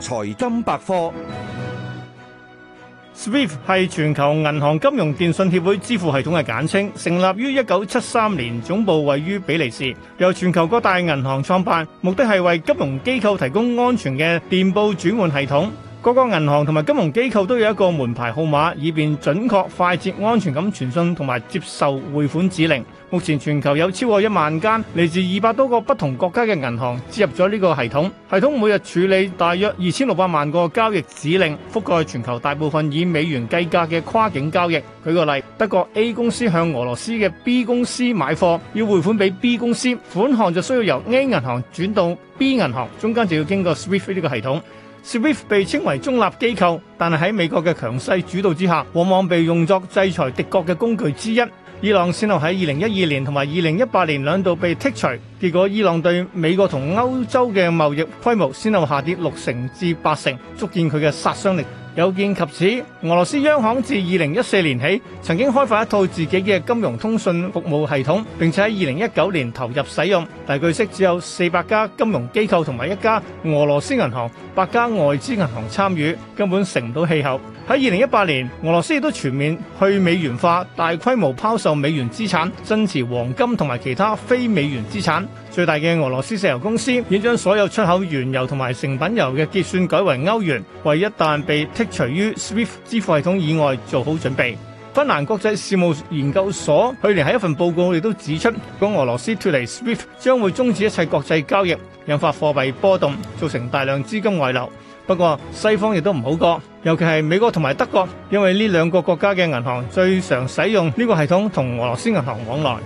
財金百科，SWIFT 係全球銀行金融電信協會支付系統嘅簡稱，成立於一九七三年，總部位於比利時，由全球各大銀行創辦，目的係為金融機構提供安全嘅電報轉換系統。各個銀行同埋金融機構都有一個門牌號碼，以便準確、快捷、安全咁傳送同埋接受匯款指令。目前全球有超過一萬間嚟自二百多個不同國家嘅銀行接入咗呢個系統。系統每日處理大約二千六百萬個交易指令，覆蓋全球大部分以美元計價嘅跨境交易。舉個例，德國 A 公司向俄羅斯嘅 B 公司買貨，要匯款俾 B 公司，款項就需要由 A 銀行轉到 B 銀行，中間就要經過 SWIFT 呢個系統。Swift 被稱為中立機構，但係喺美國嘅強勢主導之下，往往被用作制裁敵國嘅工具之一。伊朗先後喺二零一二年同埋二零一八年兩度被剔除。結果伊朗對美國同歐洲嘅貿易規模先後下跌六成至八成，足見佢嘅殺傷力。有見及此，俄羅斯央行自二零一四年起曾經開發一套自己嘅金融通訊服務系統，並且喺二零一九年投入使用。但據悉，只有四百家金融機構同埋一家俄羅斯銀行、八家外資銀行參與，根本成唔到氣候。喺二零一八年，俄羅斯亦都全面去美元化，大規模拋售美元資產，增持黃金同埋其他非美元資產。最大嘅俄羅斯石油公司已將所有出口原油同埋成品油嘅結算改為歐元，為一旦被剔除於 SWIFT 支付系統以外做好準備。芬蘭國際事務研究所去年喺一份報告亦都指出，如果俄羅斯脫離 SWIFT，將會終止一切國際交易，引發貨幣波動，造成大量資金外流。不過西方亦都唔好過，尤其係美國同埋德國，因為呢兩個國家嘅銀行最常使用呢個系統同俄羅斯銀行往來。